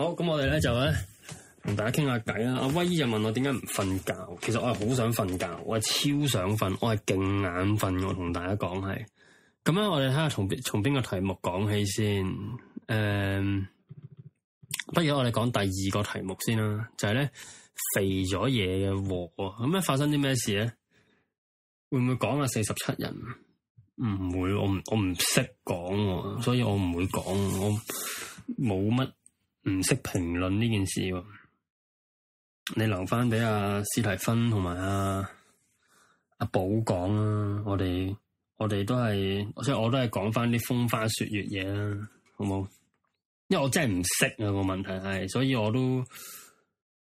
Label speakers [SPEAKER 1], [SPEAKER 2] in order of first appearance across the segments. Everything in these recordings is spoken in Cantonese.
[SPEAKER 1] 好，咁我哋咧就咧同大家傾下偈啦。阿威姨就問我點解唔瞓覺，其實我係好想瞓覺，我係超想瞓，我係勁眼瞓。我同大家講係，咁樣我哋睇下從從邊個題目講起先。誒、嗯，不如我哋講第二個題目先啦，就係、是、咧肥咗惹嘅禍，咁樣發生啲咩事咧？會唔會講啊？四十七人唔會，我唔我唔識講，所以我唔會講、啊，我冇乜。唔識評論呢件事喎、啊，你留翻俾阿斯提芬同埋阿阿寶講啦，我哋我哋都係，所以我都係講翻啲風花雪月嘢啦、啊，好冇？因為我真係唔識啊個問題係，所以我都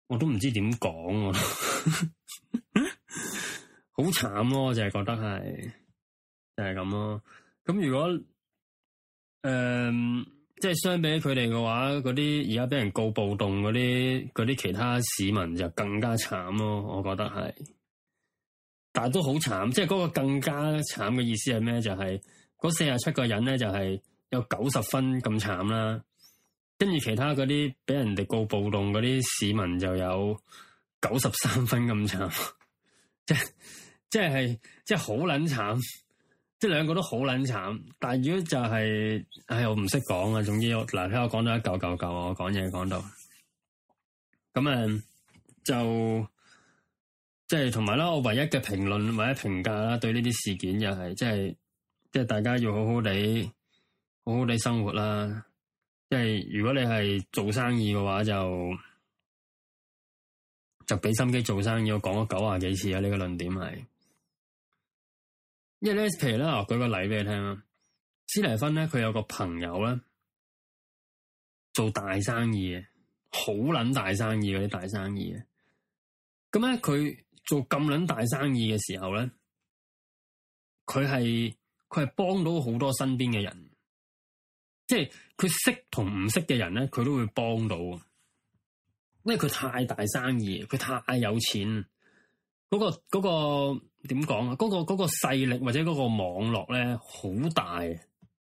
[SPEAKER 1] 我都唔知點講、啊，我好 慘咯、啊，就係覺得係就係咁咯。咁如果誒？呃即係相比佢哋嘅話，嗰啲而家俾人告暴動嗰啲，嗰啲其他市民就更加慘咯，我覺得係，但係都好慘。即係嗰個更加慘嘅意思係咩？就係嗰四十七個人咧，就係、是、有九十分咁慘啦。跟住其他嗰啲俾人哋告暴動嗰啲市民就有九十三分咁慘，即係即係即係好撚慘。即係兩個都好撚慘，但係如果就係、是，唉，我唔識講啊。總之我嗱，聽我講到一舊舊舊啊，我講嘢講到，咁啊就即係同埋啦。我唯一嘅評論或者評價啦，對呢啲事件又係即係，即、就、係、是就是、大家要好好地好好地生活啦。即、就、係、是、如果你係做生意嘅話，就就畀心機做生意。我講咗九十幾次啊，呢、這個論點係。因為咧，譬如咧，我舉個例俾你聽啦。斯尼芬咧，佢有個朋友咧，做大生意嘅，好捻大生意嗰啲大生意嘅。咁咧，佢做咁捻大生意嘅時候咧，佢係佢係幫到好多身邊嘅人，即係佢識同唔識嘅人咧，佢都會幫到。因為佢太大生意，佢太有錢。嗰個嗰個點講啊？嗰個嗰個勢力或者嗰個網絡咧，好大，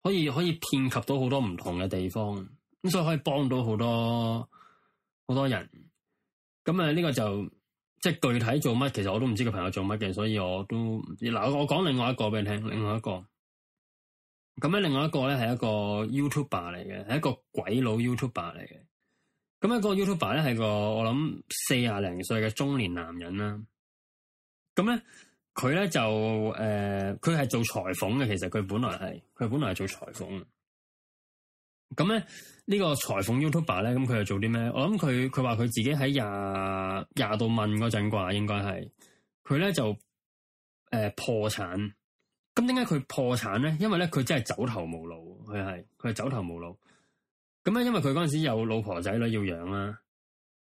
[SPEAKER 1] 可以可以遍及到好多唔同嘅地方，咁所以可以幫到好多好多人。咁啊，呢個就即係具體做乜，其實我都唔知個朋友做乜嘅，所以我都唔知。嗱我講另外一個俾你聽。另外一個咁咧，另外一個咧係一個 YouTuber 嚟嘅，係一個鬼佬 YouTuber 嚟嘅。咁呢個 YouTuber 咧係個我諗四廿零歲嘅中年男人啦。咁咧，佢咧就誒，佢、呃、係做裁縫嘅。其實佢本來係，佢本來係做裁縫。咁咧呢、呢個裁縫 YouTuber 咧，咁佢又做啲咩？我諗佢佢話佢自己喺廿廿度問嗰陣啩，應該係佢咧就誒、呃、破產。咁點解佢破產咧？因為咧佢真係走投無路。佢係佢係走投無路。咁咧，因為佢嗰陣時有老婆仔女要養啦、啊。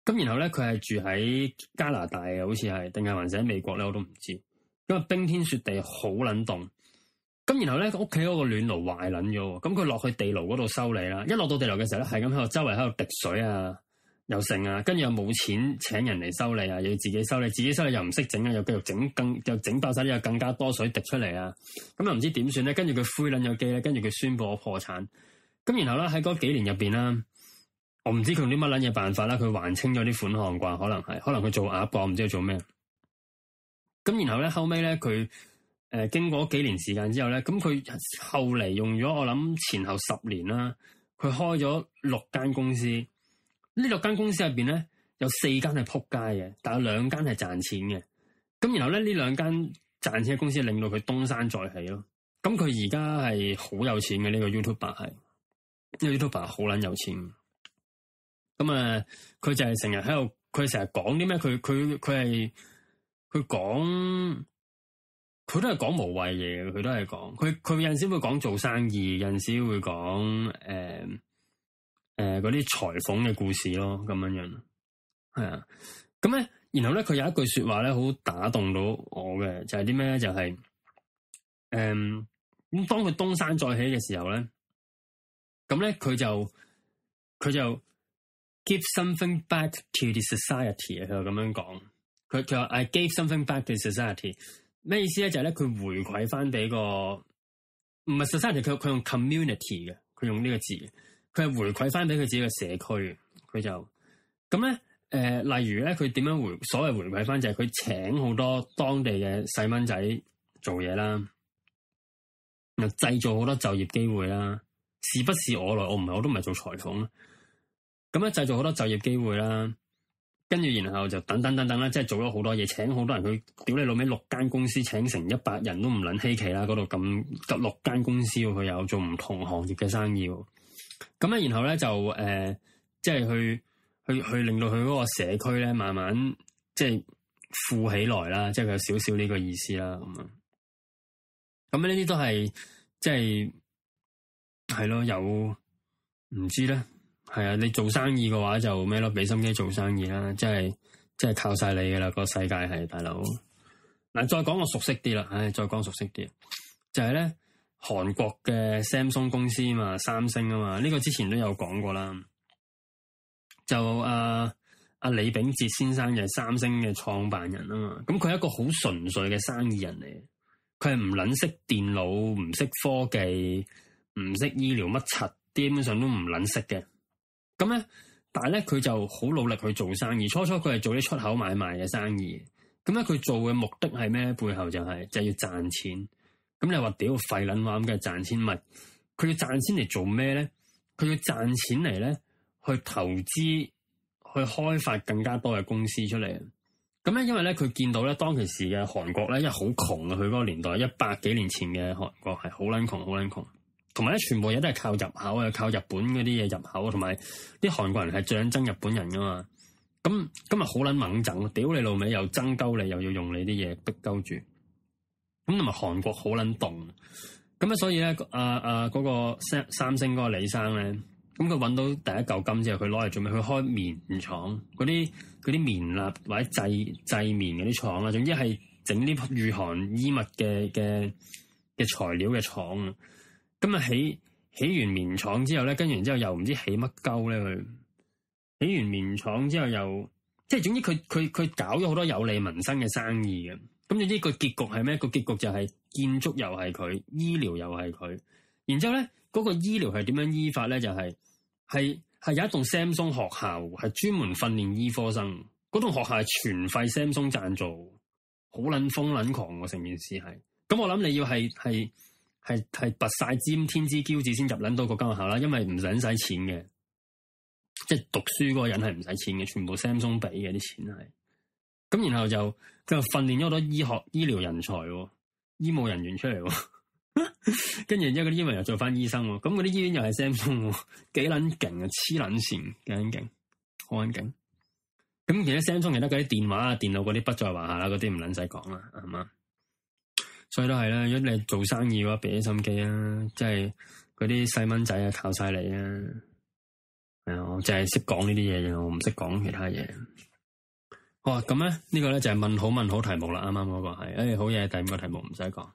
[SPEAKER 1] 咁然後咧，佢係住喺加拿大嘅，好似係，定係還是喺美國咧，我都唔知。咁啊，冰天雪地，好冷凍。咁然後咧，屋企嗰個暖爐壞撚咗。咁佢落去地牢嗰度修理啦。一落到地牢嘅時候咧，係咁喺度周圍喺度滴水啊，又剩啊，跟住又冇錢請人嚟修理啊，又要自己修理。自己修理又唔識整咧，又繼續整更，又整爆晒，又更加多水滴出嚟啊。咁又唔知點算咧？跟住佢灰撚咗機咧，跟住佢宣布我破產。咁然後咧，喺嗰幾年入邊啦。我唔知佢用啲乜捻嘢辦法啦，佢還清咗啲款項啩，可能係，可能佢做鴨啩，唔知佢做咩。咁然後咧，後尾咧佢誒經過幾年時間之後咧，咁佢後嚟用咗我諗前後十年啦，佢開咗六間公司。呢六間公司入邊咧有四間係撲街嘅，但有兩間係賺錢嘅。咁然後咧，呢兩間賺錢嘅公司令到佢東山再起咯。咁佢而家係好有錢嘅呢個 YouTuber 係，呢個 YouTuber 好捻有錢。咁啊，佢、嗯、就係成日喺度，佢成日講啲咩？佢佢佢係佢講，佢都係講無謂嘢嘅。佢都係講，佢佢有陣時會講做生意，有陣時會講誒誒嗰啲裁縫嘅故事咯，咁樣樣係啊。咁咧、嗯，然後咧，佢有一句說話咧，好打動到我嘅，就係啲咩咧？就係、是、誒，咁、嗯、當佢東山再起嘅時候咧，咁咧佢就佢就。Give something back to the society 啊，佢又咁樣講，佢佢話 I gave something back to society，咩意思咧？就係咧佢回饋翻俾個唔係 society，佢佢用 community 嘅，佢用呢個字，佢係回饋翻俾佢自己嘅社區，佢就咁咧，誒、呃，例如咧，佢點樣回，所謂回饋翻就係、是、佢請好多當地嘅細蚊仔做嘢啦，又製造好多就業機會啦，是不是我來？我唔係我都唔係做裁縫啊。咁樣製造好多就業機會啦，跟住然後就等等等等啦，即係做咗好多嘢，請好多人去屌你老味六間公司請成一百人都唔捻稀奇啦，嗰度咁得六間公司佢有做唔同行業嘅生意，咁咧然後咧就誒、呃，即係去去去,去令到佢嗰個社區咧慢慢即係富起來啦，即係有少少呢個意思啦咁啊，咁呢啲都係即係係咯，有唔知咧。係啊，你做生意嘅話就咩咯，俾心機做生意啦。即係即係靠晒你噶啦。個世界係大佬嗱，再講我熟悉啲啦。唉，再講熟悉啲就係、是、咧，韓國嘅 Samsung 公司啊，三星啊嘛。呢、這個之前都有講過啦。就阿、啊、阿李炳哲先生就係三星嘅創辦人啊嘛。咁佢係一個好純粹嘅生意人嚟，佢係唔捻識電腦，唔識科技，唔識醫療乜柒，基本上都唔捻識嘅。咁咧，但係咧佢就好努力去做生意。初初佢係做啲出口買賣嘅生意。咁咧佢做嘅目的係咩？背後就係就係要賺錢。咁你話屌廢捻玩咁嘅賺錢咪？佢要賺錢嚟做咩咧？佢要賺錢嚟咧去投資，去開發更加多嘅公司出嚟。咁咧因為咧佢見到咧當其時嘅韓國咧，因為好窮啊，佢嗰個年代一百幾年前嘅韓國係好捻窮，好捻窮。同埋咧，全部嘢都係靠入口啊，靠日本嗰啲嘢入口，同埋啲韓國人係象徵日本人噶嘛，咁今日好捻猛憎，屌你老味，又爭鳩你，又要用你啲嘢逼鳩住。咁同埋韓國好捻凍，咁啊，所以咧，阿阿嗰個三星嗰個李生咧，咁佢搵到第一嚿金之後，佢攞嚟做咩？佢開棉廠，嗰啲啲棉立或者製製棉嗰啲廠啊，總之係整啲御寒衣物嘅嘅嘅材料嘅廠。咁啊，起起完棉廠之後咧，跟住之後又唔知起乜鳩咧佢？起完棉廠之後又，即係總之佢佢佢搞咗好多有利民生嘅生意嘅。咁總之個結局係咩？個結局就係建築又係佢，醫療又係佢。然之後咧，嗰、嗰個醫療係點樣醫法咧？就係係係有一棟 Samsung 學校，係專門訓練醫科生。嗰棟學校係全費 Samsung 贊助，好撚瘋撚狂個、啊、成件事係。咁我諗你要係係。係係拔晒尖，天之驕子先入捻到個間學校啦，因為唔使捻錢嘅，即係讀書嗰個人係唔使錢嘅，全部 Samsung 俾嘅啲錢係。咁然後就就訓練咗好多醫學醫療人才，醫務人員出嚟。跟 住然之後嗰啲人又做翻醫生，咁嗰啲醫院又係 Samsung，幾捻勁啊？黐捻線，幾捻勁，好捻勁。咁其實 Samsung 其他嗰啲電話啊、電腦嗰啲不在話下啦，嗰啲唔捻使講啦，係嘛？所以都係啦，如果你做生意嘅話，俾啲心機啊，即係嗰啲細蚊仔啊，靠晒你啊，係啊，我淨係識講呢啲嘢嘅，我唔識講其他嘢。好，咁咧呢、呢個咧就係問好問好題目啦，啱啱嗰個係，誒好嘢，第五個題目唔使講。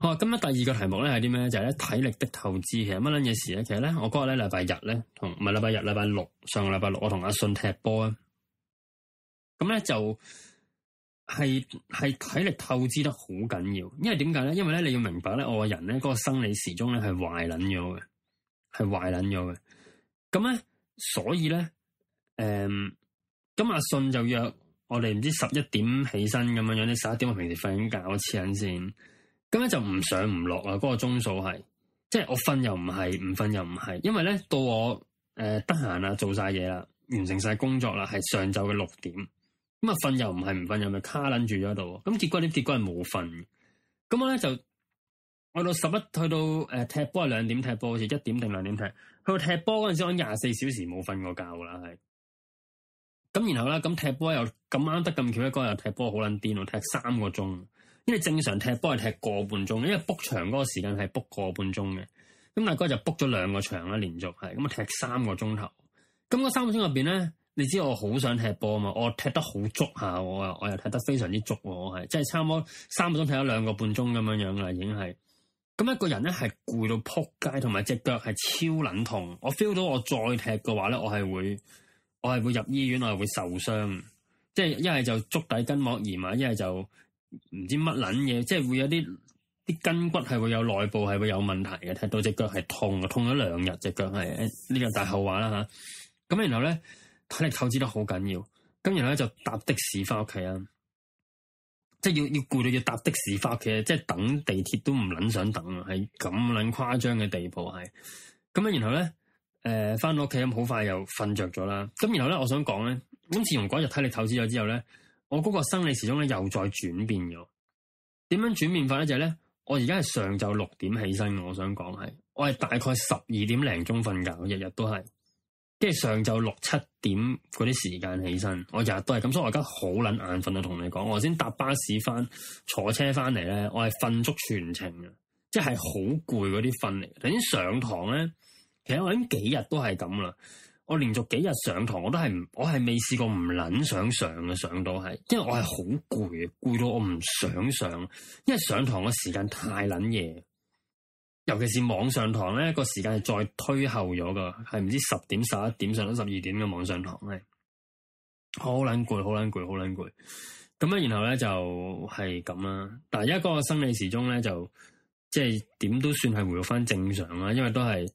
[SPEAKER 1] 好，今日第二個題目咧係啲咩？就係、是、咧體力的透支，其實乜撚嘢事咧？其實咧我嗰日咧禮拜日咧同唔係禮拜日禮拜六上個禮拜六，六我同阿信踢波啊，咁咧就。係係體力透支得好緊要，因為點解咧？因為咧你要明白咧，我個人咧嗰個生理時鐘咧係壞捻咗嘅，係壞捻咗嘅。咁咧，所以咧，誒、嗯，咁阿信就約我哋唔知十一點起身咁樣樣，你十一點我平時瞓緊覺，黐緊線咁咧就唔上唔落啦，嗰個鐘數係，即係我瞓又唔係，唔瞓又唔係，因為咧到我誒得閒啦，做晒嘢啦，完成晒工作啦，係上晝嘅六點。咁啊，瞓又唔係唔瞓，又咪卡撚住咗度。咁結果，啲結果係冇瞓。咁我咧就去到十一，去到誒踢波係兩點踢波，好似一點定兩點踢。去到踢波嗰陣時，我廿四小時冇瞓過覺噶啦，係。咁然後咧，咁踢波又咁啱得咁巧，一日踢波好撚癲咯，踢三個鐘。因為正常踢波係踢個半鐘，因為 book 場嗰個時間係 book 個半鐘嘅。咁大哥就 book 咗兩個場啦，連續係。咁啊踢三個鐘頭。咁嗰三個鐘入邊咧。你知道我好想踢波啊！嘛，我踢得好足下，我我又踢得非常之足。我係即係差唔多三個鐘踢咗兩個半鐘咁樣樣啦，已經係咁一個人咧，係攰到撲街，同埋隻腳係超撚痛。我 feel 到我再踢嘅話咧，我係會我係會入醫院，我係會受傷。即係一係就足底筋膜炎啊，一係就唔知乜撚嘢。即係會有啲啲筋骨係會有內部係會有問題嘅。踢到隻腳係痛，痛咗兩日隻腳係呢個大後話啦吓。咁、啊、然後咧。體力透支得好緊要，咁然後咧就搭的士翻屋企啊，即係要要攰到要搭的士翻屋企，即係等地鐵都唔捻想等，啊。係咁捻誇張嘅地步係。咁樣，啊然後咧，誒翻到屋企咁好快又瞓着咗啦。咁然後咧，我想講咧，咁自從嗰日體力透支咗之後咧，我嗰個生理時鐘咧又再轉變咗。點樣轉變法咧就係咧，我而家係上晝六點起身，我想講係，我係大概十二點零鐘瞓覺，日日都係。即係上晝六七點嗰啲時間起身，我日日都係咁，所以我而家好撚眼瞓啊！同你講，我先搭巴士翻，坐車翻嚟，咧，我係瞓足全程啊，即係好攰嗰啲瞓嚟。頭先上堂咧，其實我已經幾日都係咁啦，我連續幾日上堂，我都係唔，我係未試過唔撚想上嘅，上到係，因為我係好攰啊，攰到我唔想上，因為上堂嘅時間太撚夜。尤其是網上堂咧個時間係再推後咗噶，係唔知十點十一點上到十二點嘅網上堂，係好撚攰，好撚攰，好撚攰。咁咧，然後咧就係咁啦。但係而家個生理時鐘咧就即係點都算係回復翻正常啦，因爲都係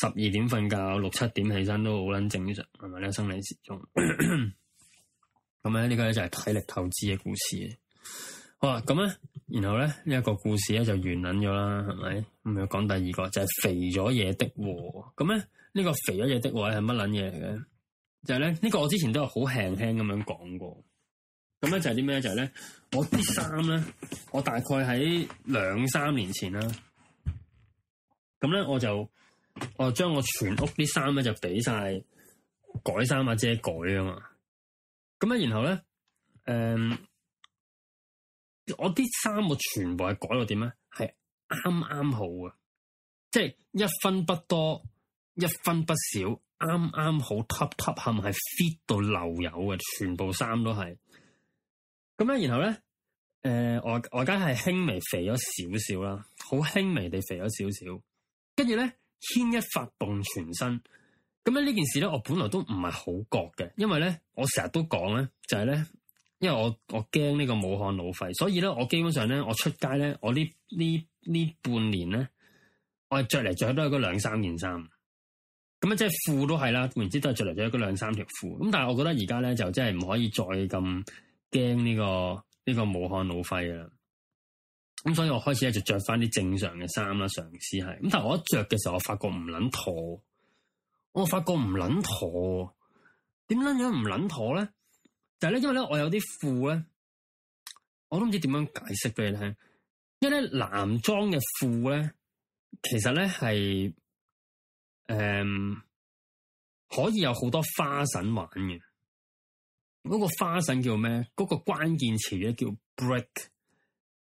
[SPEAKER 1] 十二點瞓覺，六七點起身都好撚正常，係咪咧生理時鐘？咁咧 呢個咧就係體力透支嘅故事。好啦，咁咧。然後咧呢一、這個故事咧就完捻咗啦，係咪？咁要講第二個就係、是、肥咗惹的禍，咁咧呢個肥咗惹的禍係乜捻嘢嚟嘅？就係、是、咧呢、這個我之前都有好輕輕咁樣講過，咁咧就係啲咩？就係、是、咧、就是、我啲衫咧，我大概喺兩三年前啦，咁、嗯、咧我就我將我全屋啲衫咧就俾晒改衫或者改啊嘛，咁、嗯、咧然後咧誒。嗯我啲衫我全部係改到點咧，係啱啱好啊，即係一分不多，一分不少，啱啱好 top t o 係 fit 到漏油啊，全部衫都係。咁咧，然後咧，誒、呃，我我而家係輕微肥咗少少啦，好輕微地肥咗少少，跟住咧，牽一發動全身。咁樣呢件事咧，我本來都唔係好覺嘅，因爲咧，我成日都講咧，就係、是、咧。因為我我驚呢個武漢老肺，所以咧我基本上咧我出街咧，我呢呢呢半年咧，我着嚟着去都係嗰兩三件衫，咁啊即係褲都係啦，總之都係着嚟着去嗰兩三條褲。咁但係我覺得而家咧就真係唔可以再咁驚呢個呢個武漢老肺啦。咁所以我開始咧就着翻啲正常嘅衫啦，嘗試係。咁但係我一着嘅時候，我發覺唔捻妥，妥，我發覺唔捻妥，妥，點捻樣唔捻妥咧？但係咧，因為咧，我有啲褲咧，我都唔知點樣解釋俾你聽。因為咧男裝嘅褲咧，其實咧係，誒、呃，可以有好多花臣玩嘅。嗰、那個花臣叫咩？嗰、那個關鍵詞咧叫 break。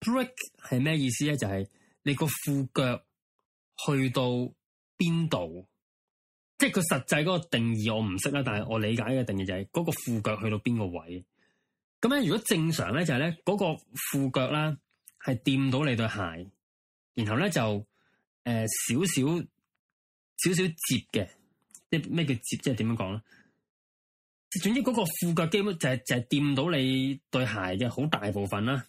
[SPEAKER 1] break 係咩意思咧？就係、是、你個褲腳去到邊度？即係佢實際嗰個定義我唔識啦，但係我理解嘅定義就係嗰個褲腳去到邊個位。咁咧，如果正常咧就係咧嗰個褲腳啦係掂到你對鞋，然後咧就誒少少少少折嘅，即係咩叫折？即係點樣講咧？總之嗰個褲腳基本就係就係掂到你對鞋嘅好大部分啦。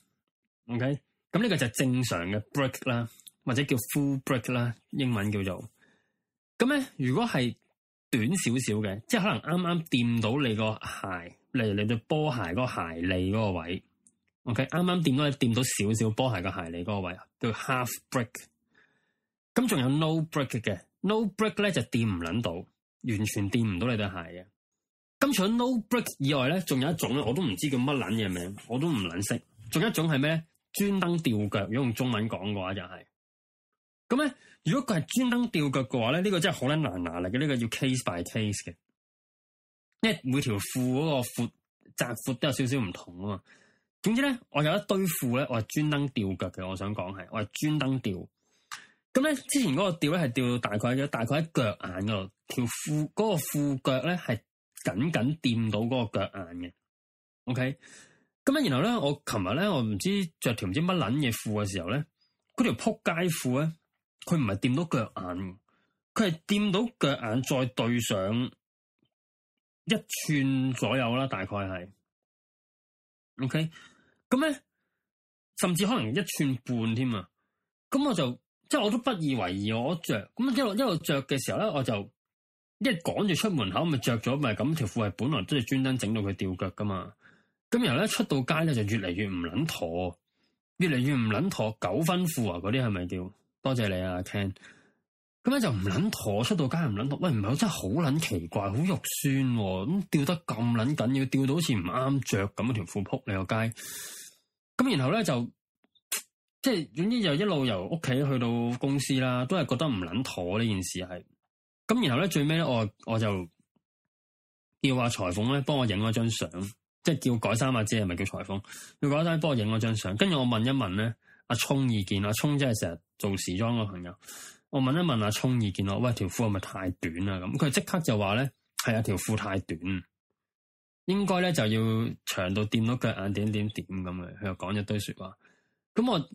[SPEAKER 1] OK，咁呢個就係正常嘅 break 啦，或者叫 full break 啦，英文叫做。咁咧，如果係短少少嘅，即係可能啱啱掂到你個鞋，例如你對波鞋嗰鞋脷嗰個位，OK 啱啱掂到你，掂到少少波鞋個鞋脷嗰個位，叫 half break。咁仲有 no break 嘅，no break 咧就掂唔捻到，完全掂唔到你對鞋嘅。咁除咗 no break 以外咧，仲有一種咧，我都唔知叫乜捻嘢名，我都唔捻識。仲有一種係咩？專登吊腳，如果用中文講嘅話，就係，就係。咁咧，如果佢係專登吊腳嘅話咧，呢、這個真係好捻難拿嚟嘅。呢、這個叫 case by case 嘅，因為每條褲嗰個闊窄闊都有少少唔同啊嘛。總之咧，我有一堆褲咧，我係專登吊腳嘅。我想講係，我係專登吊。咁、嗯、咧，之前嗰個吊咧係吊到大概嘅，大概喺腳眼嗰度，條褲嗰個褲腳咧係緊緊掂到嗰個腳眼嘅。OK，咁咧，然後咧，我琴日咧，我唔知着條唔知乜捻嘢褲嘅時候咧，嗰條仆街褲咧。佢唔係掂到腳眼，佢係掂到腳眼再對上一寸左右啦，大概係，OK，咁咧，甚至可能一寸半添啊！咁我就即係我都不以為意，我着咁一路一路着嘅時候咧，我就一趕住出門口咪着咗，咪咁條褲係本來都係專登整到佢吊腳噶嘛，咁然後咧出到街咧就越嚟越唔捻妥妥，越嚟越唔捻妥妥。九分褲啊！嗰啲係咪叫？多謝你啊，Ken。咁樣就唔捻妥，妥，出到街唔捻妥，妥。喂，唔係我真係好捻奇怪，啊、好肉酸。咁吊得咁捻緊要，吊到好似唔啱着咁嘅條褲扑你個街。咁然後咧就，即係總之就一路由屋企去到公司啦，都係覺得唔捻妥呢件事係。咁然後咧最尾咧，我我就叫阿裁縫咧幫我影咗張相，即係叫改衫啊姐，是是啊姐係咪叫裁縫？佢改衫幫我影咗張相，跟住我問一問咧。阿聰、啊、意見，阿聰真係成日做時裝個朋友，我問一問阿、啊、聰意見，我喂，條褲係咪太短呀？咁佢即刻就話咧，係啊，條褲太短，應該咧就要長到掂到腳眼點點點咁嘅。佢又講一堆說話，咁我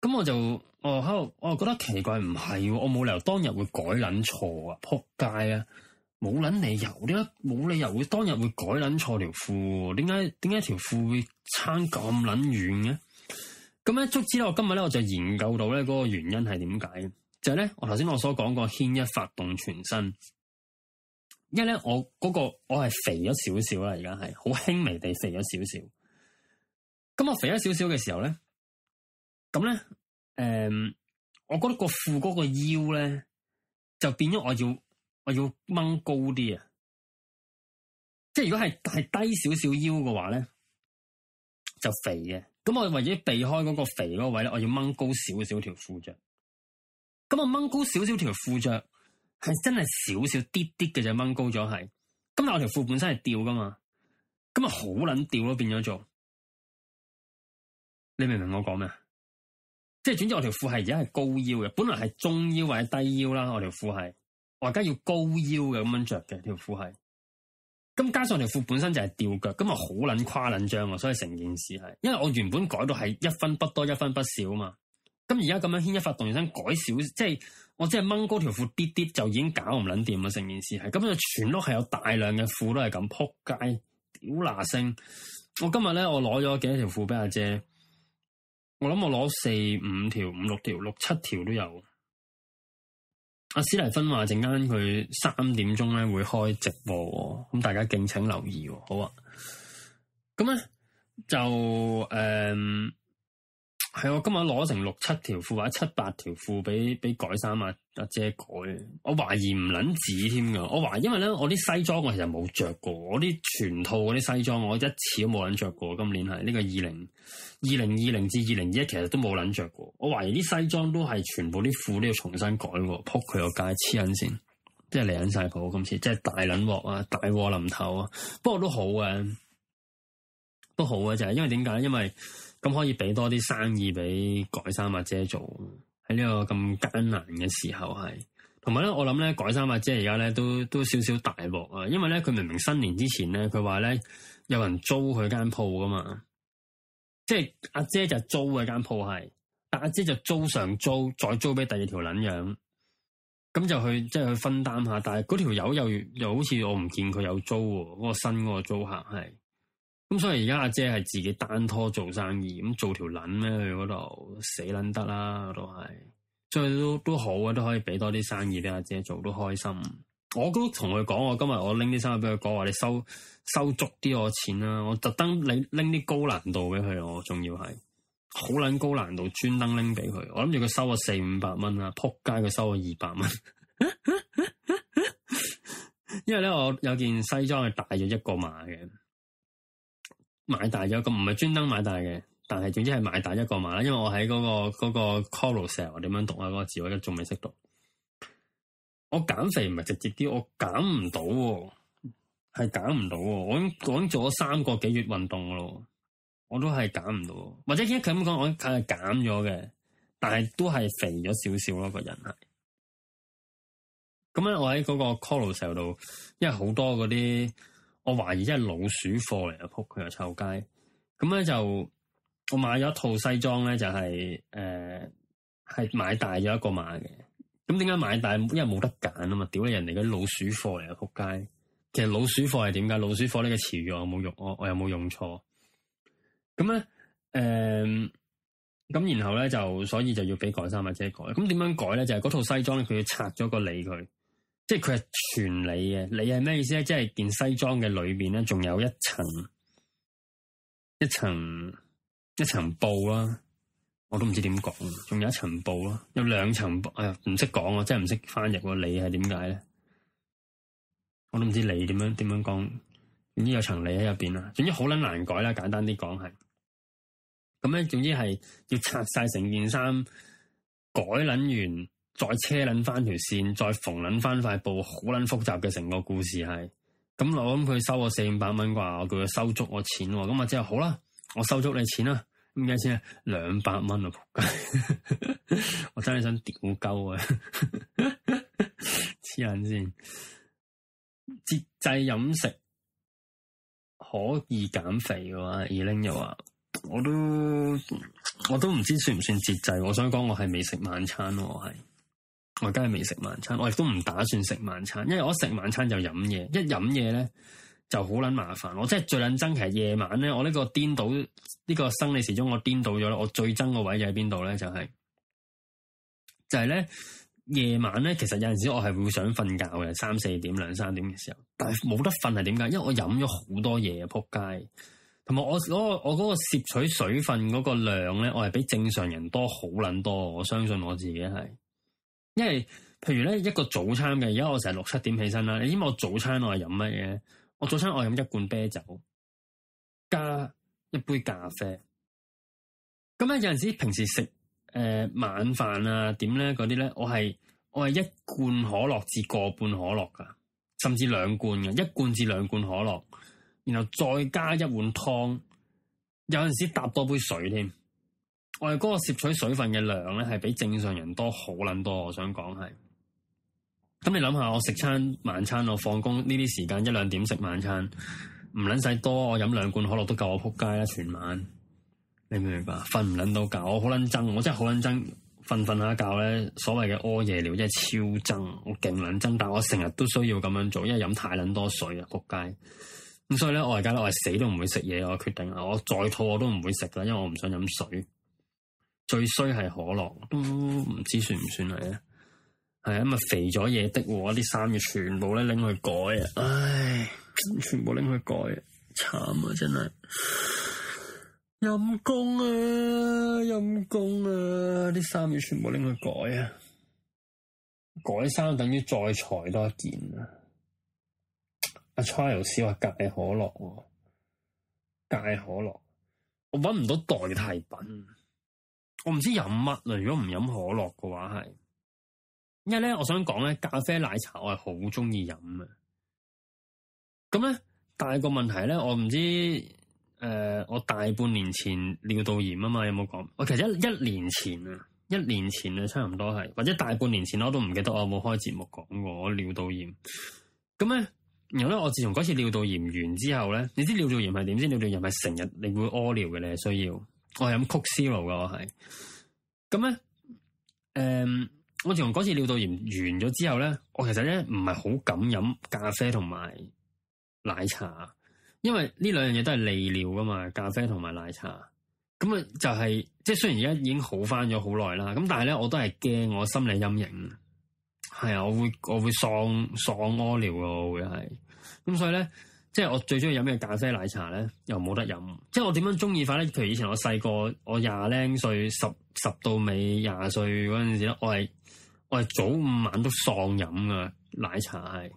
[SPEAKER 1] 咁我就我喺度，我覺得奇怪，唔係、啊、我冇理由當日會改捻錯啊，撲街啊，冇捻理由，點解冇理由會當日會改捻錯條褲？點解點解條褲會差咁捻遠嘅？咁咧，總之咧，我今日咧，我就研究到咧嗰個原因係點解？就係、是、咧，我頭先我所講過牽一髮動全身，因為咧，我嗰、那個我係肥咗少少啦，而家係好輕微地肥咗少少。咁我肥咗少少嘅時候咧，咁咧，誒、嗯，我覺得個褲嗰個腰咧，就變咗我要我要掹高啲啊！即係如果係係低少少腰嘅話咧，就肥嘅。咁我為咗避開嗰個肥嗰位咧，我要掹高少少條褲着。咁我掹高少少條褲着，係真係少少啲啲嘅就掹高咗係。咁我條褲本身係掉噶嘛，咁啊，好捻掉咯變咗做。你明唔明我講咩？即係總之，我條褲係而家係高腰嘅，本來係中腰或者低腰啦。我條褲係我而家要高腰嘅咁樣着嘅條褲係。咁加上條褲本身就係吊腳，咁啊好撚誇撚張啊，所以成件事係，因為我原本改到係一分不多一分不少啊嘛，咁而家咁樣牽一發動全身改少，即係我即係掹高條褲啲啲就已經搞唔撚掂喇！成件事係，咁就全碌係有大量嘅褲都係咁撲街，屌嗱聲！我今日咧我攞咗幾多條褲俾阿姐，我諗我攞四五條、五六條、六七條都有。阿斯麗芬話：陣間佢三點鐘咧會開直播，咁大家敬請留意。好啊，咁咧就誒。Um 係我今晚攞成六七條褲或者七八條褲俾俾改衫啊，阿姐，姐改。我懷疑唔撚知添噶，我懷疑因為咧我啲西裝我其實冇着過，我啲全套嗰啲西裝我一次都冇撚着過。今年係呢、這個二零二零二零至二零二一，其實都冇撚着過。我懷疑啲西裝都係全部啲褲都要重新改喎，撲佢個街黐撚線，即係嚟緊晒鋪今次，即係大撚鑊啊，大鑊臨頭啊。不過都好啊，都好啊。就係因為點解？因為，為咁可以俾多啲生意俾改衫阿姐做，喺呢個咁艱難嘅時候係。同埋咧，我諗咧，改衫阿姐而家咧都都少少大鑊啊！因為咧，佢明明新年之前咧，佢話咧有人租佢間鋪噶嘛，即係阿姐就租佢間鋪係，但阿姐就租上租，再租俾第二條捻樣，咁就去即係去分擔下。但係嗰條友又又好似我唔見佢有租，嗰個新嗰個租客係。咁所以而家阿姐係自己單拖做生意，咁做條捻咩？去嗰度死捻得啦，都係，所以都都好啊，都可以俾多啲生意俾阿姐做，都開心。我都同佢講，我今日我拎啲衫俾佢講，話你收收足啲我錢啦，我特登拎拎啲高難度俾佢，我仲要係好捻高難度，專登拎俾佢。我諗住佢收咗四五百蚊啦，撲街佢收咗二百蚊。 因為咧，我有件西裝係大咗一個碼嘅。買大咗，咁唔係專登買大嘅，但係總之係買大一個碼啦。因為我喺嗰、嗰個、嗰個 colossal 點樣讀啊？嗰、嗰個字我都仲未識讀。我減肥唔係直接啲，我減唔到，係減唔到。我已經我已經做咗三個幾月運動咯，我都係減唔到。或者依家佢咁講，我梗係減咗嘅，但係都係肥咗少少咯，個人係。咁咧，我喺嗰個 colossal 度，因為好多嗰啲。我懷疑即係老鼠貨嚟啊！仆佢又臭街，咁咧就我買咗一套西裝咧，就係誒係買大咗一個碼嘅。咁點解買大？因為冇得揀啊嘛！屌你人哋嗰啲老鼠貨嚟啊！仆街。其實老鼠貨係點解？老鼠貨呢個詞語我冇用，我我有冇用錯。咁咧誒，咁、呃、然後咧就所以就要俾改衫或者改。咁點樣改咧？就係、是、嗰套西裝咧，佢要拆咗個理佢。即係佢係全裏嘅，裏係咩意思咧？即係件西裝嘅裏邊咧，仲有一層一層一層布啦，我都唔知點講，仲有一層布咯，有兩層布，哎呀，唔識講啊，真係唔識翻譯喎。裏係點解咧？我都唔知裏點樣點樣講，總之有層裏喺入邊啦。總之好捻難改啦，簡單啲講係，咁咧，總之係要拆晒成件衫，改捻完。再車撚翻條線，再縫撚翻塊布，好撚複雜嘅成個故事係咁、嗯。我諗佢收我四五百蚊啩，我叫佢收足我錢喎。咁、嗯、啊，即係好啦，我收足你錢啦。點解先？兩百蚊啊！仆街， 我真係想屌鳩啊！黐眼線，節制飲食可以減肥嘅話，而另外話，我都我都唔知算唔算節制。我想講、啊，我係未食晚餐咯，我係。我梗係未食晚餐，我亦都唔打算食晚餐，因為我食晚餐就飲嘢，一飲嘢咧就好撚麻煩。我真係最撚憎，其實夜晚咧，我呢個顛倒呢個生理時鐘，我顛倒咗我最憎個位就喺邊度咧？就係就係咧，夜晚咧，其實有陣時我係會想瞓覺嘅，三四點兩三點嘅時候，但係冇得瞓係點解？因為我飲咗好多嘢啊，扑街同埋我嗰個我嗰個攝取水分嗰個量咧，我係比正常人多好撚多。我相信我自己係。因為譬如咧，一個早餐嘅，而家我成日六七點起身啦。你知唔知我早餐我係飲乜嘢？我早餐我係飲一罐啤酒加一杯咖啡。咁咧，有陣時平時食誒、呃、晚飯啊點咧嗰啲咧，我係我係一罐可樂至個半可樂㗎，甚至兩罐嘅一罐至兩罐可樂，然後再加一碗湯。有陣時搭多杯水添。我哋嗰個攝取水分嘅量咧，係比正常人多好撚多。我想講係，咁你諗下，我食餐晚餐，我放工呢啲時間一兩點食晚餐，唔撚使多，我飲兩罐可樂都夠我撲街啦，全晚。你明唔明白？瞓唔撚到覺，我好撚憎，我真係好撚憎，瞓瞓下覺咧，所謂嘅屙夜尿真係超憎，我勁撚憎。但係我成日都需要咁樣做，因為飲太撚多水啊，撲街。咁所以咧，我而家咧，我係死都唔會食嘢，我決定，我再肚餓我都唔會食喇，因為我唔想飲水。最衰係可樂，都唔知算唔算係咧？係啊，咁啊肥咗嘢的，我啲衫要全部咧拎去改啊！唉，全部拎去改，慘啊！真係陰公啊，陰公啊！啲衫要全部拎去改啊！改衫等於再裁多一件啊！阿 Charles 話戒嘅可樂，戒可樂，我搵唔到代替品。我唔知飲乜啦，如果唔飲可樂嘅話係，因為咧，我想講咧，咖啡奶茶我係好中意飲嘅。咁咧，但係個問題咧，我唔知誒、呃，我大半年前尿道炎啊嘛，有冇講？我其實一一年前啊，一年前啊，差唔多係，或者大半年前、啊、我都唔記得我有冇開節目講過我尿道炎。咁咧，然後咧，我自從嗰次尿道炎完之後咧，你知尿道炎係點先？尿道炎係成日你會屙尿嘅咧，需要。我係飲曲絲露噶，我係，咁咧，誒、嗯，我自從嗰次尿道炎完咗之後咧，我其實咧唔係好敢飲咖啡同埋奶茶，因為呢兩樣嘢都係利尿噶嘛，咖啡同埋奶茶，咁啊就係、是，即係雖然而家已經好翻咗好耐啦，咁但係咧我都係驚我心理陰影，係啊，我會我會喪喪屙尿噶，我會係，咁所以咧。即係我最中意飲咩咖啡奶茶咧，又冇得飲。即係我點樣中意法咧？譬如以前我細個，我廿零歲十十到尾廿歲嗰陣時咧，我係我係早午晚都喪飲㗎奶茶係。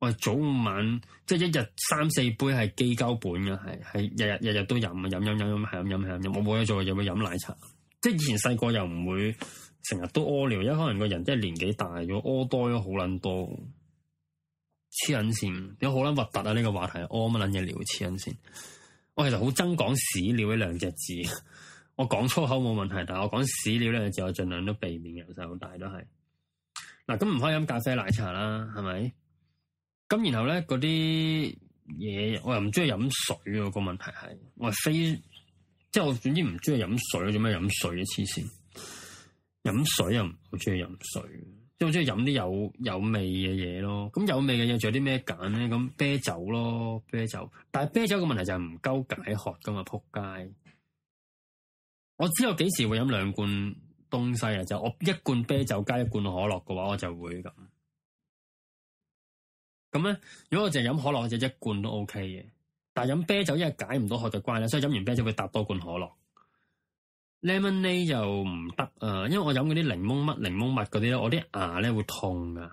[SPEAKER 1] 我係早午晚即係一日三四杯係基膠本㗎係，係日日日日都飲啊飲飲飲飲係咁飲係咁飲。我冇嘢做有冇飲奶茶。即係以前細個又唔會成日都屙尿，而家可能個人即係年紀大咗屙多咗好撚多。黐撚線，點解好捻核突啊呢、這個話題，我乜嘅捻嘢撩黐撚線，我其實好憎講屎尿呢兩隻字。我講粗口冇問題，但係我講屎尿咧就盡量都避免由手，由細到大都係。嗱，咁唔可以飲咖啡奶茶啦，係咪？咁然後咧嗰啲嘢，我又唔中意飲水啊，我個問題係，我係非，即係我總之唔中意飲水，做咩飲水啊？黐線，飲水又唔好中意飲水。因為我中意飲啲有有味嘅嘢咯，咁有味嘅嘢仲有啲咩揀咧？咁啤酒咯，啤酒，但係啤酒個問題就係唔夠解渴噶嘛，撲街！我知道幾時會飲兩罐東西啊？就我一罐啤酒加一罐可樂嘅話，我就會咁。咁咧，如果我淨係飲可樂，就一罐都 OK 嘅。但係飲啤酒因為解唔到渴嘅關咧，所以飲完啤酒會搭多罐可樂。Lemonade 又唔得啊，因為我飲嗰啲檸檬蜜、檸檬蜜嗰啲咧，我啲牙咧會痛啊，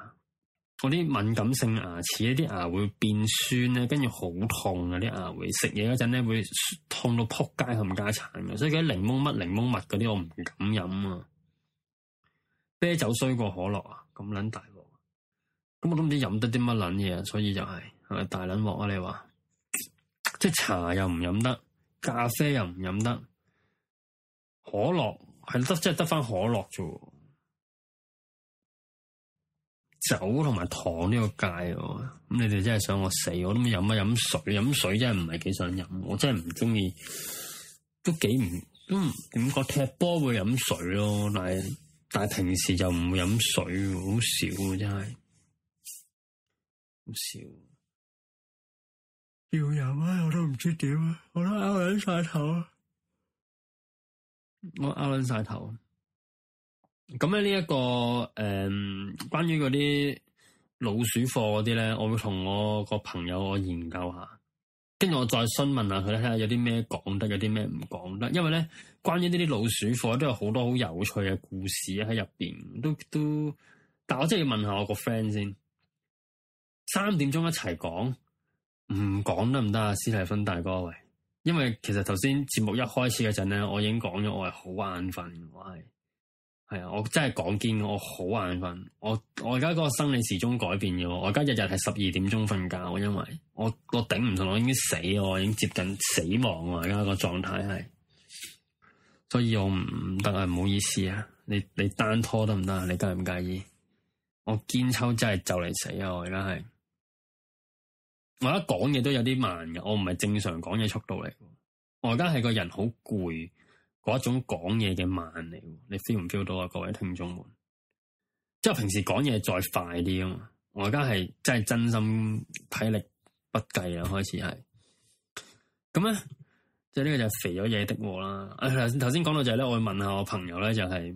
[SPEAKER 1] 我啲敏感性牙齒，啲牙會變酸咧，跟住好痛啊，啲牙會食嘢嗰陣咧會痛到撲街冚家鏟嘅，所以嗰啲檸檬蜜、檸檬蜜嗰啲我唔敢飲啊。啤酒衰過可樂啊，咁撚大鑊，咁我都唔知飲得啲乜撚嘢，所以就係係咪大撚鑊啊？你話，即係 茶又唔飲得，咖啡又唔飲得。可樂係得，真係得翻可樂啫。酒同埋糖呢個戒，咁你哋真係想我死。我都冇飲乜，飲水，飲水真係唔係幾想飲。我真係唔中意，都幾唔都唔點覺踢波會飲水咯。但係但係平時就唔會飲水，好少真係，好少。要飲咧、啊，我都唔知點、啊，我都 out 咗晒頭、啊。我拗捻晒頭，咁咧呢一個誒、嗯，關於嗰啲老鼠貨嗰啲咧，我會同我個朋友我研究下，跟住我再詢問下佢咧，睇下有啲咩講得，有啲咩唔講得。因為咧，關於呢啲老鼠貨都有好多好有趣嘅故事喺入邊，都都，但我真係要問下我個 friend 先，三點鐘一齊講，唔講得唔得啊？斯蒂芬大哥位。喂因為其實頭先節目一開始嗰陣咧，我已經講咗我係好眼瞓，我係係啊，我真係講堅我好眼瞓，我我而家個生理時鐘改變咗，我而家日日係十二點鐘瞓覺，因為我我頂唔順，我已經死咗，我已經接近死亡，我而家個狀態係，所以我唔得啊，唔好意思啊，你你單拖得唔得啊？你介唔介意？我堅抽真係就嚟死啊，我而家係。我而家講嘢都有啲慢嘅，我唔係正常講嘢速度嚟。我而家係個人好攰嗰一種講嘢嘅慢嚟。你 feel 唔 feel 到啊，各位聽眾們？即係平時講嘢再快啲啊嘛！我而家係真係真心體力不繼啊，開始係。咁咧，即係呢個就肥咗惹的禍啦。頭頭先講到就係、是、咧，我去問下我朋友咧，就係、是、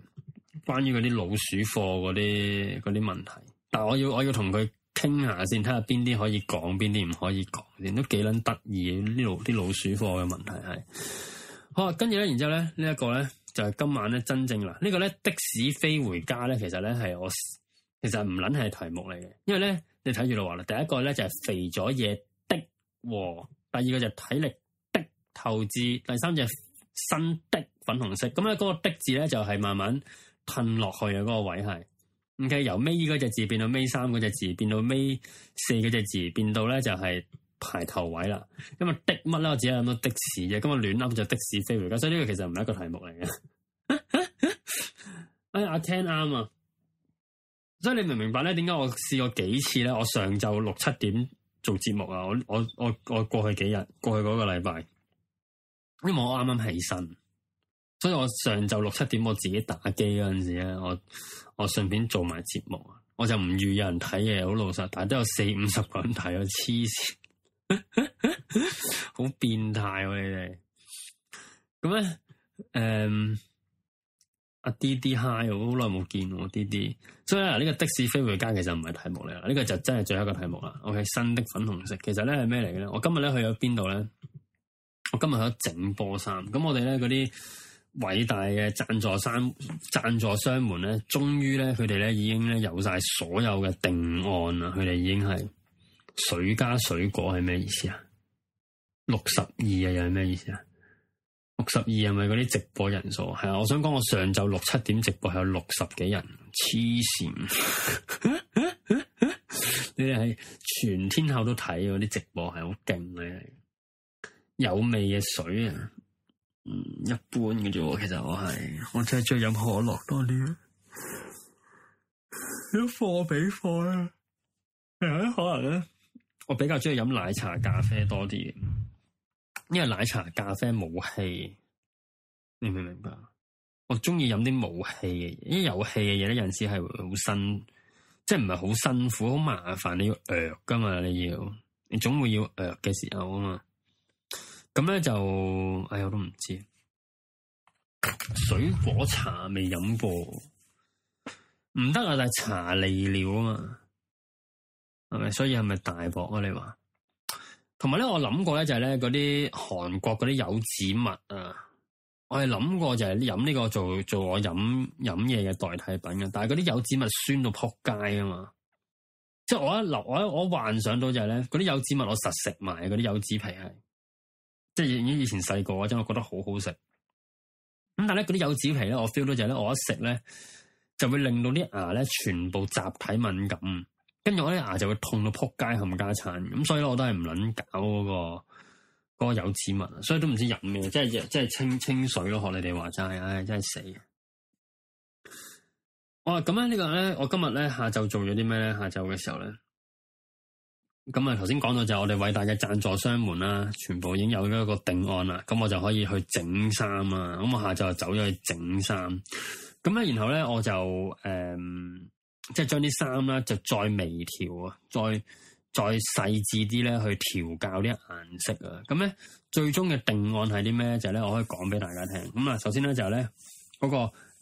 [SPEAKER 1] 關於嗰啲老鼠貨嗰啲嗰啲問題。但係我要我要同佢。傾下先，睇下邊啲可以講，邊啲唔可以講你都幾撚得意。呢度啲老鼠貨嘅問題係，好，跟住咧，然之後咧，這個、呢一個咧就係、是、今晚咧真正啦。這個、呢個咧的士飛回家咧，其實咧係我其實唔撚係題目嚟嘅，因為咧你睇住啦話啦，第一個咧就係、是、肥咗惹的、禍，第二個就係體力的透支，第三就新的粉紅色。咁咧嗰個的字咧就係、是、慢慢褪落去嘅嗰、那個位係。咁嘅由尾嗰隻字變到尾三嗰隻字，變到尾四嗰隻字，變到咧就係、是、排頭位啦。咁啊的乜咧？我只有諗到的士嘅，咁我亂諗就的士飛回家。所以呢個其實唔係一個題目嚟嘅。 哎呀，阿 Ken 啱啊！所以你明唔明白咧？點解我試過幾次咧？我上晝六七點做節目啊！我我我我過去幾日，過去嗰個禮拜，因為我啱啱起身。所以我上晝六七點，我自己打機嗰陣時咧，我我順便做埋節目啊，我就唔預有人睇嘅，好老實，但係都有四五十個人睇，我黐線， 好變態喎、啊、你哋咁咧。誒，阿、嗯啊、D D Hi Hi, 我好耐冇見我 D D，所以咧呢、啊這個的士飛回家其實唔係題目嚟啦，呢、這個就真係最後一個題目啦。O、okay, K，新的粉紅色其實咧係咩嚟嘅咧？我今日咧去咗邊度咧？我今日去咗整波衫，咁我哋咧嗰啲。偉大嘅贊助商、贊助商們咧，終於咧，佢哋咧已經咧有晒所有嘅定案啦。佢哋已經係水加水果係咩意思啊？六十二啊，又係咩意思啊？六十二係咪嗰啲直播人數？係啊，我想講我上晝六七點直播係有六十幾人，黐線！ 你哋係全天候都睇我啲直播，係好勁嘅，有味嘅水啊！一般嘅啫喎，其實我係，我真係中意飲可樂多啲。如果貨比貨咧、啊，又可能咧，我比較中意飲奶茶、咖啡多啲，因為奶茶、咖啡冇氣，明唔明白？我中意飲啲冇氣嘅嘢，因為有氣嘅嘢咧，有時係好辛，即係唔係好辛苦，好麻煩，你要啄，㗎嘛，你要，你總會要啄嘅時候啊嘛。咁咧就，哎呀，我都唔知。水果茶未飲過，唔得啊！但係茶嚟料啊嘛，係咪？所以係咪大鑊啊？你話？同埋咧，我諗過咧就係咧嗰啲韓國嗰啲柚子蜜啊，我係諗過就係飲呢個做做我飲飲嘢嘅代替品嘅，但係嗰啲柚子蜜酸到撲街啊嘛！即係我一留我一我一幻想到就係咧嗰啲柚子蜜我實食埋嗰啲柚子皮係。即係以以前細個真係覺得好好食，咁但係咧嗰啲柚子皮咧，我 feel 到就係咧我一食咧就會令到啲牙咧全部集體敏感，跟住我啲牙就會痛到扑街冚家鏟，咁所以咧我都係唔捻搞嗰、嗰個、嗰個柚子蜜，所以都唔知飲咩，即係即係清清水咯，學你哋話齋，唉真係死啊！哇，咁啊呢個咧，我今日咧下晝做咗啲咩咧？下晝嘅時候咧？咁啊，頭先講到就係我哋偉大嘅讚助商們啦，全部已經有咗一個定案啦，咁我就可以去整衫啊，咁我下晝就走咗去整衫，咁咧然後咧我就誒，即係將啲衫啦，就係再微調啊，再再細致啲咧去調校啲顏色啊，咁咧最終嘅定案係啲咩？就係咧，我可以講俾大家聽，咁啊首先咧就咧嗰個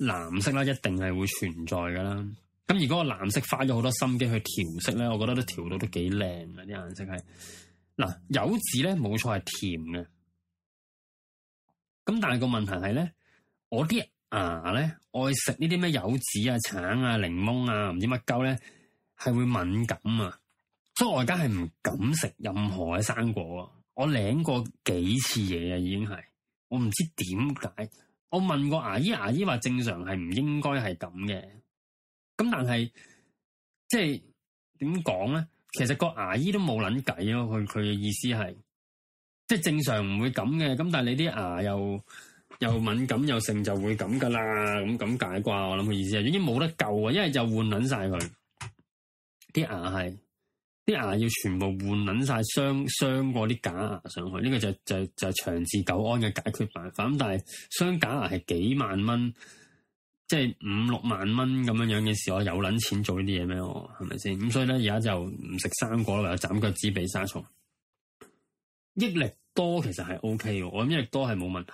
[SPEAKER 1] 藍色啦，一定係會存在噶啦。咁如果個藍色花咗好多心機去調色咧，我覺得都調到都幾靚啊！啲顏色係嗱，柚子咧冇錯係甜嘅，咁但係個問題係咧，我啲牙咧愛食呢啲咩柚子啊、橙啊、檸檬啊，唔知乜鳩咧，係會敏感啊，所以我而家係唔敢食任何嘅生果啊！我舐過幾次嘢啊，已經係我唔知點解，我問過牙醫，牙醫話正常係唔應該係咁嘅。咁但係即係點講咧？其實個牙醫都冇捻計咯，佢佢嘅意思係即係正常唔會咁嘅。咁但係你啲牙又又敏感又性就會咁噶啦。咁咁解啩？我諗佢嘅意思係已經冇得救啊！一係就換捻晒佢啲牙係，啲牙要全部換捻晒，鑲鑲過啲假牙上去。呢、這個就是、就是、就係、是、長治久安嘅解決辦法。咁但係鑲假牙係幾萬蚊。即係五六萬蚊咁樣樣嘅事，我有捻錢做呢啲嘢咩？我係咪先？咁所以咧，而家就唔食生果，或者斬腳趾避沙蟲。益力多其實係 O K 嘅，我諗益力多係冇問題。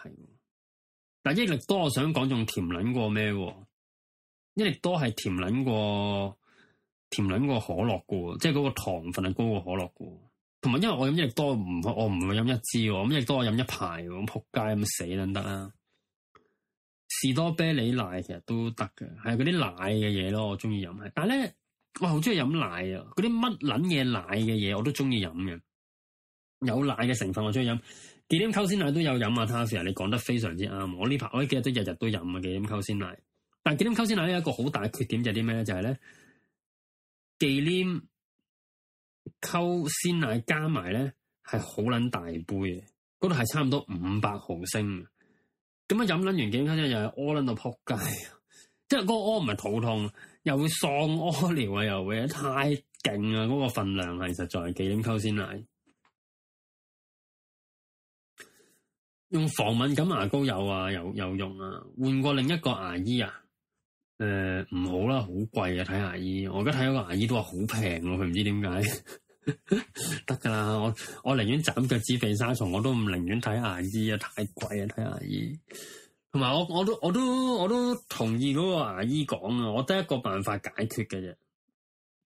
[SPEAKER 1] 但益力，力，力多，我想講仲甜捻過咩？益力多係甜捻過甜捻過可樂嘅，即係嗰個糖分係高過可樂嘅。同埋，因為我飲益力多唔我唔會飲一支，咁益力多我飲一排，咁仆街咁死捻得啦。士多啤梨奶其實都得嘅，係嗰啲奶嘅嘢咯，我中意飲。但係咧，我好中意飲奶啊！嗰啲乜撚嘢奶嘅嘢我都中意飲嘅，有奶嘅成分我中意飲。忌廉溝鮮奶都有飲啊，Thomas，你講得非常之啱。我呢排我呢幾日都日日都飲啊忌廉溝鮮奶。但係忌廉溝鮮奶有一個好大缺點，就係啲咩咧？就係咧忌廉溝鮮奶加埋咧係好撚大杯嘅，嗰度係差唔多五百毫升。咁啊！飲撚完幾點鐘又喺屙撚到仆街，即係嗰個屙唔係肚痛，又會喪屙尿啊，又會，太勁啊！嗰、嗰個份量係實在忌廉溝鮮奶？用防敏感牙膏有啊，有有用啊。換過另一個牙醫啊，誒、呃、唔好啦、啊，好貴啊！睇牙醫，我而家睇咗個牙醫都話好平喎，佢唔知點解。得噶啦，我我寧願斬腳趾避沙蟲，我都唔寧願睇牙醫啊！太貴啊，睇牙醫。同埋我我都我都我都同意嗰個牙醫講啊，我得一個辦法解決嘅啫，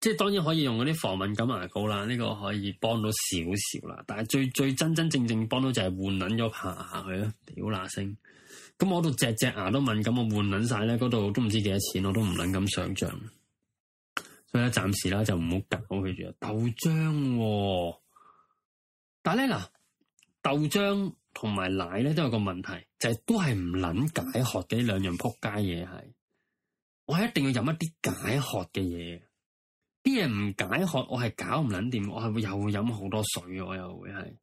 [SPEAKER 1] 即係當然可以用嗰啲防敏感牙膏啦，呢、這個可以幫到少少啦。但係最最真真正正幫到就係換捻咗排牙去啦，屌乸聲。咁我度隻隻牙都敏感，我換捻晒咧，嗰度都唔知幾多錢，我都唔捻敢想象。所以咧，暫時啦就唔好搞佢住。豆漿、啊，但係咧嗱，豆漿同埋奶咧都有個問題，就係、是、都係唔捻解渴嘅兩樣仆街嘢係。我係一定要飲一啲解渴嘅嘢。啲嘢唔解渴，我係搞唔捻掂，我係會又會飲好多水，我又會係。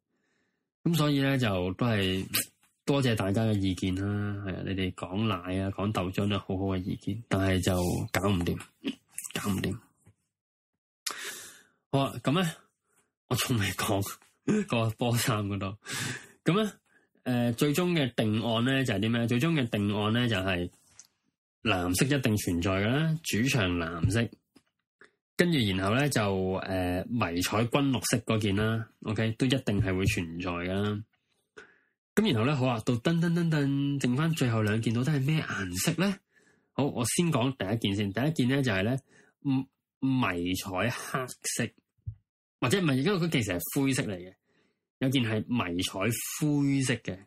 [SPEAKER 1] 咁所以咧就都係 多謝大家嘅意見啦。係啊，你哋講奶啊，講豆漿、啊、都好好嘅意見，但係就搞唔掂，搞唔掂。好啊，咁咧，我仲未講過波衫嗰度。咁咧，誒、呃，最終嘅定案咧就係啲咩？最終嘅定案咧就係、是、藍色一定存在噶啦，主場藍色。跟住然後咧就誒、呃、迷彩軍綠色嗰件啦，OK，都一定係會存在噶啦。咁然後咧，好啊，到噔噔噔噔，剩翻最後兩件到底係咩顏色咧？好，我先講第一件先。第一件咧就係、是、咧，唔、嗯。迷彩黑色，或者唔係，因為佢其實係灰色嚟嘅。有件係迷彩灰色嘅，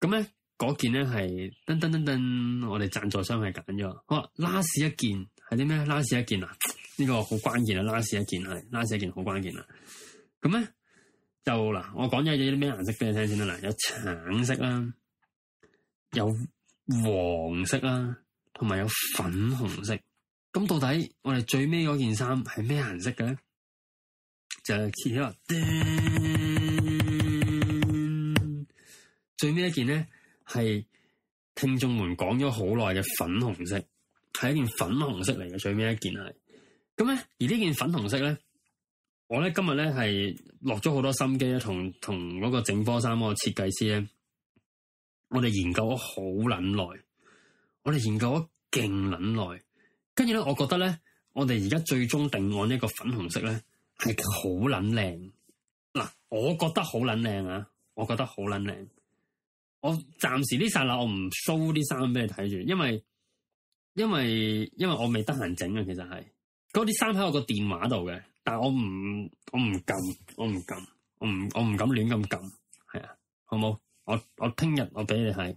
[SPEAKER 1] 咁咧嗰件咧係噔噔噔噔，我哋贊助商係揀咗。好啦，last 一件係啲咩？last 一件啊，呢個好關鍵啊！last 一件係 last 一件好關鍵啦。咁咧就嗱，我講咗有啲咩顏色俾你聽先得啦。有橙色啦，有黃色啦，同埋有粉紅色。咁到底我哋最尾嗰件衫係咩顏色嘅咧？就係揭盅啦，叮！最尾一件咧係聽眾們講咗好耐嘅粉紅色，係一件粉紅色嚟嘅。最尾一件係，咁咧而呢件粉紅色咧，我咧今日咧係落咗好多心機咧，同同嗰個整波衫個設計師咧，我哋研究咗好撚耐，我哋研究咗勁撚耐。跟住咧，我覺得咧，我哋而家最終定案呢一個粉紅色咧，係好撚靚。嗱，我覺得好撚靚啊！我覺得好撚靚。我暫時呢剎那我唔 show 啲衫俾你睇住，因為因為因為我未得閒整啊。其實係嗰啲衫喺我個電話度嘅，但我唔我唔撳，我唔撳，我唔我唔敢亂咁撳，係啊，好冇？我我聽日我俾你睇，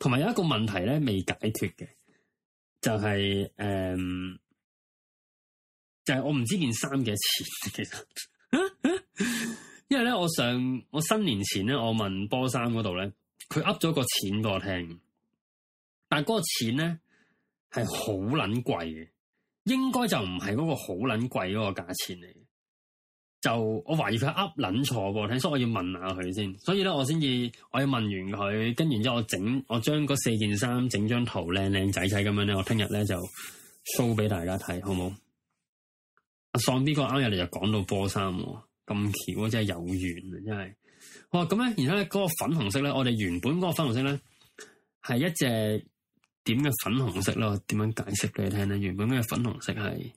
[SPEAKER 1] 同埋有一個問題咧未解決嘅。就係、是、誒、嗯，就係、是、我唔知件衫幾錢，其實，因為咧，我上我新年前咧，我問波衫嗰度咧，佢噏咗個錢畀我聽，但係嗰個錢咧係好捻貴嘅，應該就唔係嗰個好捻貴嗰個價錢嚟。就我懷疑佢噏捻錯喎，所以我要問下佢先。所以咧，我先至我要問完佢，跟然之後我整我將嗰四件衫整張圖靚靚仔仔咁樣咧，我聽日咧就 show 俾大家睇，好唔好？阿 Son 呢個啱入嚟就講到波衫，咁巧真係有緣啊，真係。哇，咁咧，然後咧嗰個粉紅色咧，我哋原本嗰個粉紅色咧係一隻點嘅粉紅色咧？點樣解釋俾你聽咧？原本嗰個粉紅色係。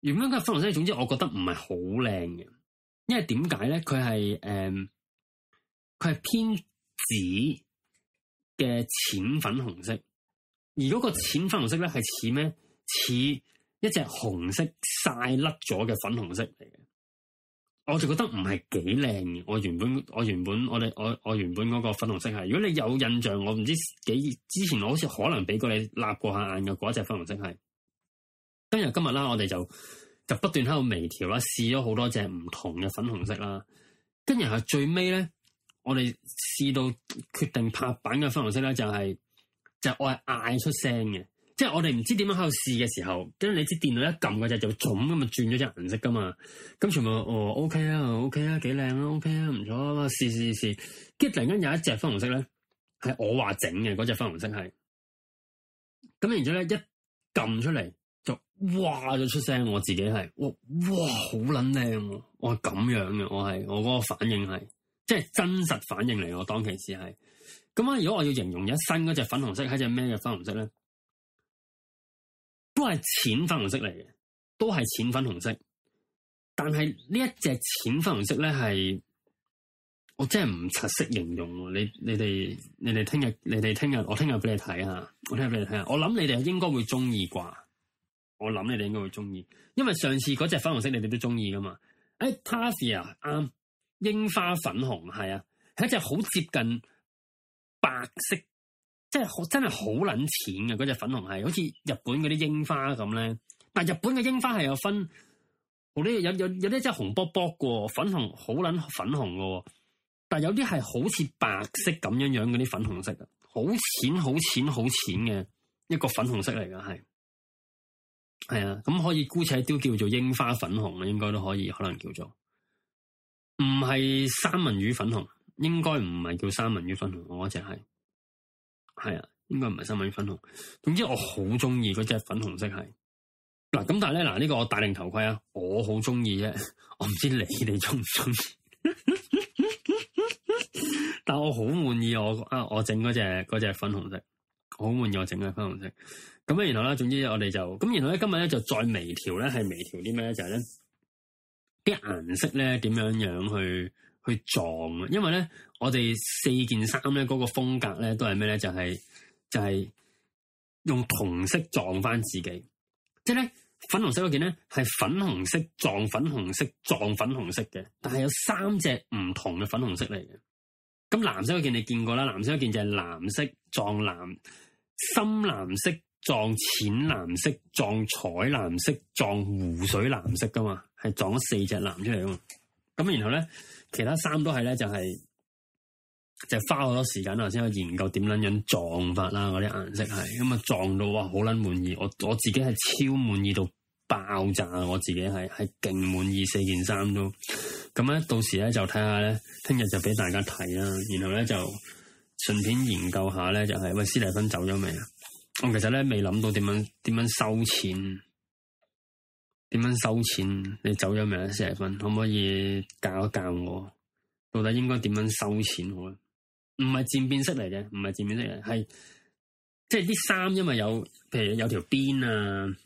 [SPEAKER 1] 原本嘅粉紅色，總之我覺得唔係好靚嘅，因為點解咧？佢係誒，佢、呃、係偏紫嘅淺粉紅色，而嗰個淺粉紅色咧係似咩？似一隻紅色晒甩咗嘅粉紅色嚟嘅，我就覺得唔係幾靚嘅。我原本我原本我哋我我原本嗰個粉紅色係，如果你有印象，我唔知幾之前，我好似可能俾過你立過下眼嘅嗰一隻粉紅色係。今日今日啦，我哋就就不斷喺度微調啦，試咗好多隻唔同嘅粉紅色啦。跟住係最尾咧，我哋試到決定拍板嘅粉紅色咧，就係，就係、是、就我係嗌出聲嘅，即係我哋唔知點樣喺度試嘅時候，跟住你知電腦一撳嗰隻就腫咁，咪轉咗隻顏色噶嘛。咁全部哦，OK 啊，OK 啊，幾靚啊，OK 啊，唔錯啊，試試試。跟住突然間有一隻粉紅色咧，係我話整嘅嗰隻粉紅色係。咁然之後咧，一撳出嚟。就哇！就出聲，我自己係我哇，好撚靚！我係咁樣嘅，我係我嗰個反應係，即係真實反應嚟。我當其時係咁啊！如果我要形容一身嗰隻粉紅色係隻咩嘅粉紅色咧，都係淺粉紅色嚟嘅，都係淺粉紅色。但係呢一隻淺粉紅色咧，係我真係唔合適形容。你你哋你哋聽日你哋聽日我聽日俾你睇下，我聽日俾你睇下。我諗你哋應該會中意啩。我諗你哋應該會中意，因為上次嗰隻粉紅色你哋都中意噶嘛？誒，Tasia 啱，啊啊，櫻花粉紅係啊，係一隻好接近白色，即係好真係好撚淺嘅嗰隻粉紅係，好似日本嗰啲櫻花咁咧。但係日本嘅櫻花係有分，有啲有有有啲隻紅波波嘅，粉紅好撚粉紅嘅，但係有啲係好似白色咁樣樣嗰啲粉紅色啊，好淺好淺好淺嘅一個粉紅色嚟嘅係。係啊，咁可以姑且都叫做櫻花粉紅啊，應該都可以，可能叫做唔係三文魚粉紅，應該唔係叫三文魚粉紅，我嗰隻係，係啊，應該唔係三文魚粉紅。總之我好中意嗰隻粉紅色係，嗱、啊、咁但係咧嗱呢、啊呢個大齡頭盔啊，我好中意啫，我唔知你哋中唔中意， 但我好滿意我啊，我整嗰隻隻粉紅色，好滿意我整嗰隻粉紅色。咁然後咧，總之我哋就咁，然後咧，今日咧就再微調咧，係微調啲咩咧？就係咧啲顏色咧，點樣樣去去撞啊？因為咧，我哋四件衫咧，嗰個風格咧，都係咩咧？就係就係用同色撞翻自己，即係咧粉紅色嗰件咧係粉紅色撞粉紅色撞粉紅色嘅，但係有三隻唔同嘅粉紅色嚟嘅。咁藍色嗰件你見過啦？藍色嗰件就係藍色撞藍深藍色。撞淺藍色、撞彩藍色、撞湖水藍色噶嘛，係撞咗四隻藍出嚟啊！咁然後咧，其他衫都係咧、就是，就係、是、就花好多時間啊，先去研究點捻樣撞法啦，嗰啲顏色係咁啊，撞到哇，好捻滿意，我我自己係超滿意到爆炸啊！我自己係係勁滿意，滿意四件衫都，咁咧，到時咧就睇下咧，聽日就俾大家睇啦，然後咧就順便研究下咧，就係、是、喂，斯蒂芬走咗未啊？我其實咧未諗到點樣點樣收錢，點樣收錢？你走咗未啊？四十分，可唔可以教一教我？到底應該點樣收錢好咧？唔係漸變色嚟嘅，唔係漸變色嚟嘅，係即係啲衫，就是、因為有譬如有條邊啊，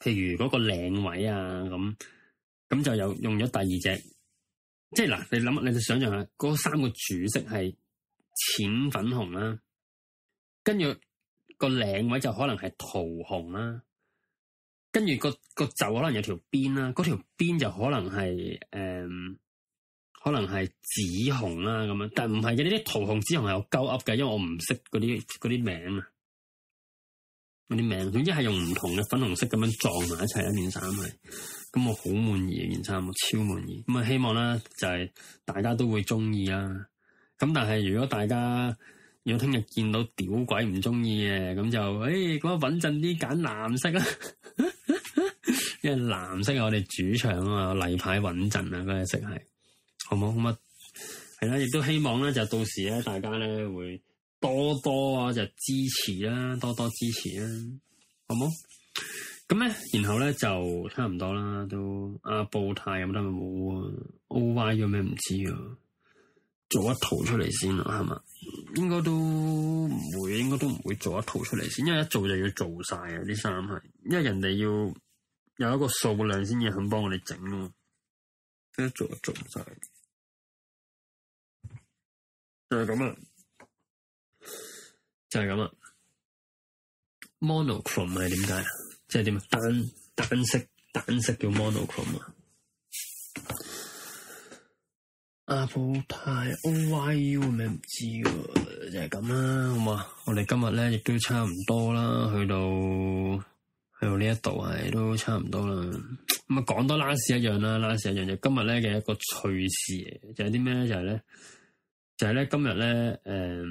[SPEAKER 1] 譬如嗰個領位啊，咁咁就有用咗第二隻，即係嗱，你諗，你就想象下，嗰三個主色係淺粉紅啦，跟住。個領位就可能係桃紅啦，跟住個個袖可能有條邊啦，嗰條邊就可能係誒、呃，可能係紫紅啦咁樣，但唔係嘅呢啲桃紅紫紅係我鳩 up 嘅，因為我唔識嗰啲啲名啊，嗰啲名，總之係用唔同嘅粉紅色咁樣撞埋一齊，一件衫係，咁我好滿意，件衫我超滿意，咁啊希望咧就係大家都會中意啦，咁但係如果大家。要聽日見到屌鬼唔中意嘅，咁就誒，咁啊穩陣啲揀藍色啦， 因為藍色係我哋主場啊嘛，例牌穩陣啊，嗰隻色係，好冇好嘛？係啦、啊，亦都希望咧，就到時咧，大家咧會多多啊，就支持啦，多多支持啦，好冇？咁咧，然後咧就差唔多啦，都阿、啊、布泰有冇得冇啊？O Y 有咩唔知啊？做一套出嚟先啦，係嘛？應該都唔會，應該都唔會做一套出嚟先，因為一做就要做晒啊！啲衫係，因為人哋要有一個數量先至肯幫我哋整咯，都做唔做唔晒。就係咁啊，就係咁啊。Monochrome 係點解啊？即係點啊？單單色單色叫 monochrome 啊？阿、啊、普太 OYU，咁又唔知喎，就係咁啦，好嘛？我哋今日咧，亦都差唔多啦，去到去到呢一度係都差唔多啦。咁啊，講多 last 一樣啦，last 一樣就今日咧嘅一個趣事，就係啲咩咧？就係、是、咧，就係、是、咧，今日咧，誒、呃，誒、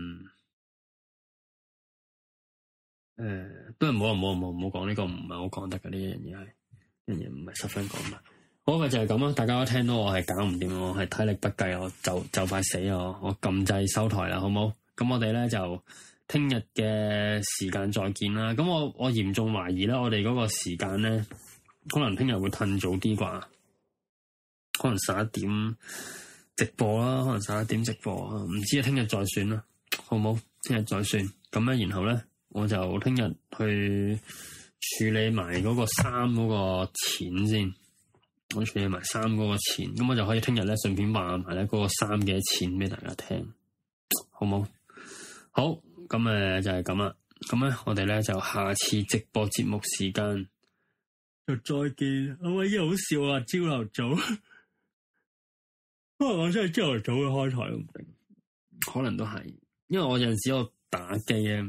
[SPEAKER 1] 呃，都係唔好啊，唔好啊，唔好講呢個唔係好講得嘅呢樣嘢，係、這個，樣嘢唔係十分講得。嗰個就係咁啦，大家都聽到我係搞唔掂，我係體力不繼，我就就快死哦。我撳掣收台啦，好冇？咁我哋咧就聽日嘅時間再見啦。咁我我嚴重懷疑咧，我哋嗰個時間咧可能聽日會褪早啲啩，可能十一點直播啦，可能十一點直播啊，唔知啊，聽日再算啦，好冇？聽日再算咁咧，然後咧我就聽日去處理埋嗰個衫嗰個錢先。我處理埋三嗰個錢，咁我就可以聽日咧，順便話埋咧嗰個三幾錢俾大家聽，好冇？好，咁誒就係咁啦。咁咧，我哋咧就下次直播節目時間就再見。阿威好笑啊，朝頭早，不 過我真係朝頭早會開台，唔可能都係，因為我有陣時我打機啊，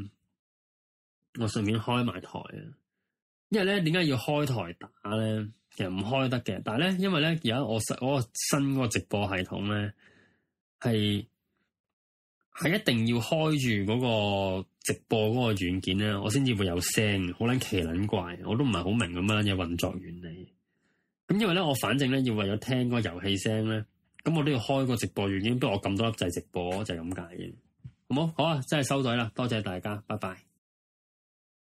[SPEAKER 1] 我順便開埋台啊。因為咧，點解要開台打咧？.其實唔開得嘅，但係咧，因為咧，而家我，我新嗰個新個直播系統咧，係係一定要開住嗰個直播嗰個軟件咧，我先至會有聲，好撚奇撚怪，我都唔係好明咁樣嘅運作原理。咁因為咧，我反正咧要為咗聽嗰個遊戲聲咧，咁我都要開個直播軟件，不如我咁多粒掣直播，就係咁解嘅，好冇好啊？真係收隊啦，多謝大家，拜拜。